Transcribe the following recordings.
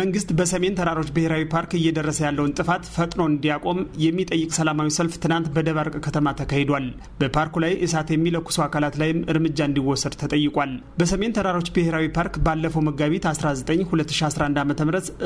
መንግስት በሰሜን ተራሮች ብሔራዊ ፓርክ እየደረሰ ያለውን ጥፋት ፈጥኖ እንዲያቆም የሚጠይቅ ሰላማዊ ሰልፍ ትናንት በደባርቅ ከተማ ተካሂዷል። በፓርኩ ላይ እሳት የሚለኩሱ አካላት ላይም እርምጃ እንዲወሰድ ተጠይቋል። በሰሜን ተራሮች ብሔራዊ ፓርክ ባለፈው መጋቢት 19 2011 ዓ.ም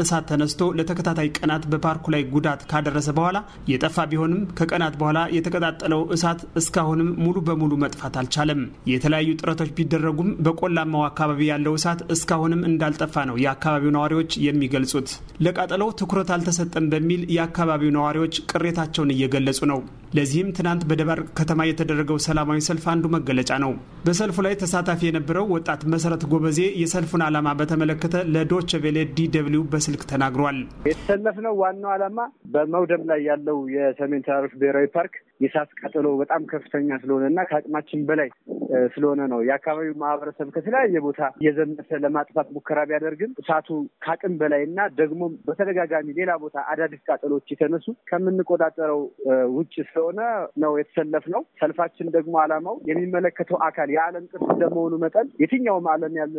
እሳት ተነስቶ ለተከታታይ ቀናት በፓርኩ ላይ ጉዳት ካደረሰ በኋላ የጠፋ ቢሆንም ከቀናት በኋላ የተቀጣጠለው እሳት እስካሁንም ሙሉ በሙሉ መጥፋት አልቻለም። የተለያዩ ጥረቶች ቢደረጉም በቆላማው አካባቢ ያለው እሳት እስካሁንም እንዳልጠፋ ነው የአካባቢው ነዋሪዎች የሚገልጹት ለቃጠለው ትኩረት አልተሰጠም በሚል የአካባቢው ነዋሪዎች ቅሬታቸውን እየገለጹ ነው። ለዚህም ትናንት በደባርቅ ከተማ የተደረገው ሰላማዊ ሰልፍ አንዱ መገለጫ ነው። በሰልፉ ላይ ተሳታፊ የነበረው ወጣት መሰረት ጎበዜ የሰልፉን ዓላማ በተመለከተ ለዶቼ ቬለ ዲ ደብልዩ በስልክ ተናግሯል። የተሰለፍነው ዋናው ዓላማ በመውደም ላይ ያለው የሰሜን ተራሮች ብሔራዊ ፓርክ የእሳት ቃጠሎ በጣም ከፍተኛ ስለሆነ እና ከአቅማችን በላይ ስለሆነ ነው። የአካባቢው ማህበረሰብ ከተለያየ ቦታ እየዘመተ ለማጥፋት ሙከራ ቢያደርግም እሳቱ ከአቅም በላይ እና ደግሞ በተደጋጋሚ ሌላ ቦታ አዳዲስ ቃጠሎች የተነሱ ከምንቆጣጠረው ውጭ ስለሆነ ነው የተሰለፍ ነው። ሰልፋችን ደግሞ አላማው የሚመለከተው አካል የዓለም ቅርስ እንደመሆኑ መጠን የትኛውም ዓለም ያለ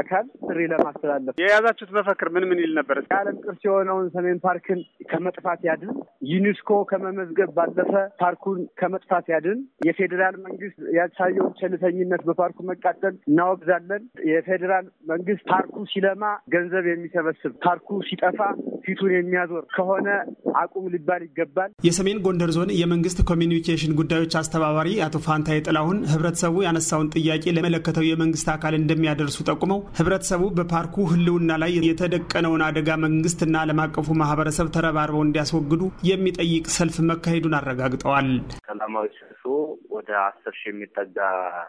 አካል ጥሪ ለማስተላለፍ የያዛችሁት መፈክር ምን ምን ይል ነበር? የዓለም ቅርስ የሆነውን ሰሜን ፓርክን ከመጥፋት ያድን ዩኒስኮ ከመመዝገብ ባለፈ ፓርኩን ከመጥፋት ያድን። የፌዴራል መንግስት ያሳየውን ቸልተኝነት በፓርኩ መቃጠል እናወግዛለን። የፌዴራል መንግስት ፓርኩ ሲለማ ገንዘብ የሚሰበስብ ፓርኩ ሲጠፋ ፊቱን የሚያዞር ከሆነ አቁም ሊባል ይገባል። የሰሜን ጎንደር ዞን የመንግስት ኮሚኒኬሽን ጉዳዮች አስተባባሪ አቶ ፋንታ የጥላሁን ህብረተሰቡ ያነሳውን ጥያቄ ለመለከተው የመንግስት አካል እንደሚያደርሱ ጠቁመው ህብረተሰቡ በፓርኩ ህልውና ላይ የተደቀነውን አደጋ መንግስትና ዓለም አቀፉ ማህበረሰብ ተረባርበው እንዲያስወግዱ የሚጠይቅ ሰልፍ መካሄዱን አረጋግጠዋል። ተናግረዋል። ሰላማዊ ሰልፉ ወደ አስር ሺህ የሚጠጋ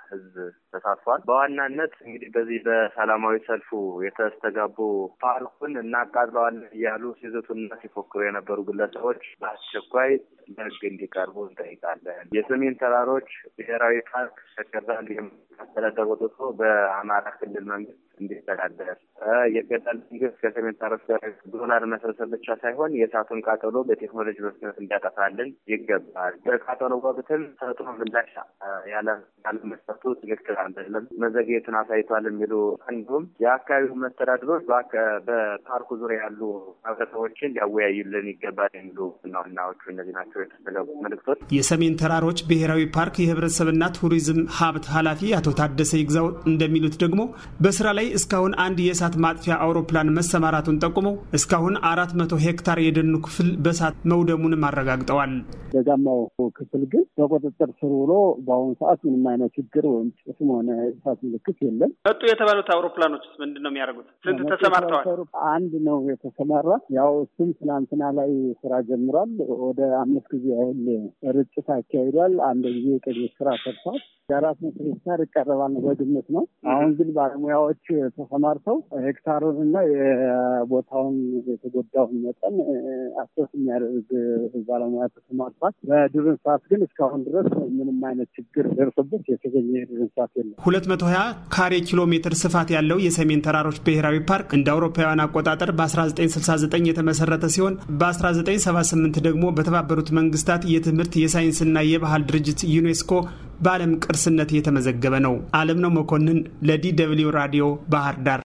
ህዝብ ተሳትፏል። በዋናነት እንግዲህ በዚህ በሰላማዊ ሰልፉ የተስተጋቡ ፓርኩን እናቃጥለዋለን እያሉ ሲዘቱና ሲፎክሩ የነበሩ ግለሰቦች በአስቸኳይ ለህግ እንዲቀርቡ እንጠይቃለን። የሰሜን ተራሮች ብሔራዊ ፓርክ ሸገርዛል አስተዳደር ወጥቶ በአማራ ክልል መንግስት እንዲተዳደር የገጠር መንግስት ከሰሜን ተረፍ ጋር ዶላር መሰብሰብ ብቻ ሳይሆን የእሳቱን ቃጠሎ በቴክኖሎጂ መፍትሄት እንዲያጠፋልን ይገባል። በቃጠሎ ወቅትም ፈጥኖ ምላሽ ያለመስጠቱ ትክክል አይደለም፣ መዘግየትን አሳይቷል የሚሉ እንዲሁም የአካባቢው መስተዳድሮች በፓርኩ ዙሪያ ያሉ ህብረተሰቦችን ሊያወያዩልን ይገባል የሚሉ ናናዎቹ እነዚህ ናቸው የተፈለጉ መልእክቶች። የሰሜን ተራሮች ብሔራዊ ፓርክ የህብረተሰብና ቱሪዝም ሀብት ኃላፊ አቶ ታደሰ ይግዛው እንደሚሉት ደግሞ በስራ ላይ ላይ እስካሁን አንድ የእሳት ማጥፊያ አውሮፕላን መሰማራቱን ጠቁመው እስካሁን አራት መቶ ሄክታር የደኑ ክፍል በእሳት መውደሙንም አረጋግጠዋል። ደጋማው ክፍል ግን በቁጥጥር ስር ውሎ በአሁኑ ሰዓት ምንም አይነት ችግር ወይም ጭስም ሆነ እሳት ምልክት የለም። መጡ የተባሉት አውሮፕላኖች ምንድን ነው የሚያደርጉት? ስንት ተሰማርተዋል? አንድ ነው የተሰማራ። ያው እሱም ትናንትና ላይ ስራ ጀምሯል። ወደ አምስት ጊዜ ያህል ርጭት አካሂዷል። አንድ ጊዜ ቅድ ስራ ሰርቷል። የአራት መቶ ሄክታር ይቀረባል ነው በግምት ነው። አሁን ግን ባለሙያዎች ተሰማርተው ሄክታሩን እና የቦታውን የተጎዳውን መጠን አስረስ የሚያደርግ ባለሙያ ተሰማርቷል። በዱር እንስሳት ግን እስካሁን ድረስ ምንም አይነት ችግር ደርሶበት የተገኘ የዱር እንስሳት የለም። ሁለት መቶ ሀያ ካሬ ኪሎ ሜትር ስፋት ያለው የሰሜን ተራሮች ብሔራዊ ፓርክ እንደ አውሮፓውያን አቆጣጠር በ1969 የተመሰረተ ሲሆን በ1978 ደግሞ በተባበሩት መንግስታት የትምህርት የሳይንስና የባህል ድርጅት ዩኔስኮ በዓለም ቅርስነት እየተመዘገበ ነው። አለም ነው መኮንን ለዲ ደብልዩ ራዲዮ ባህር ዳር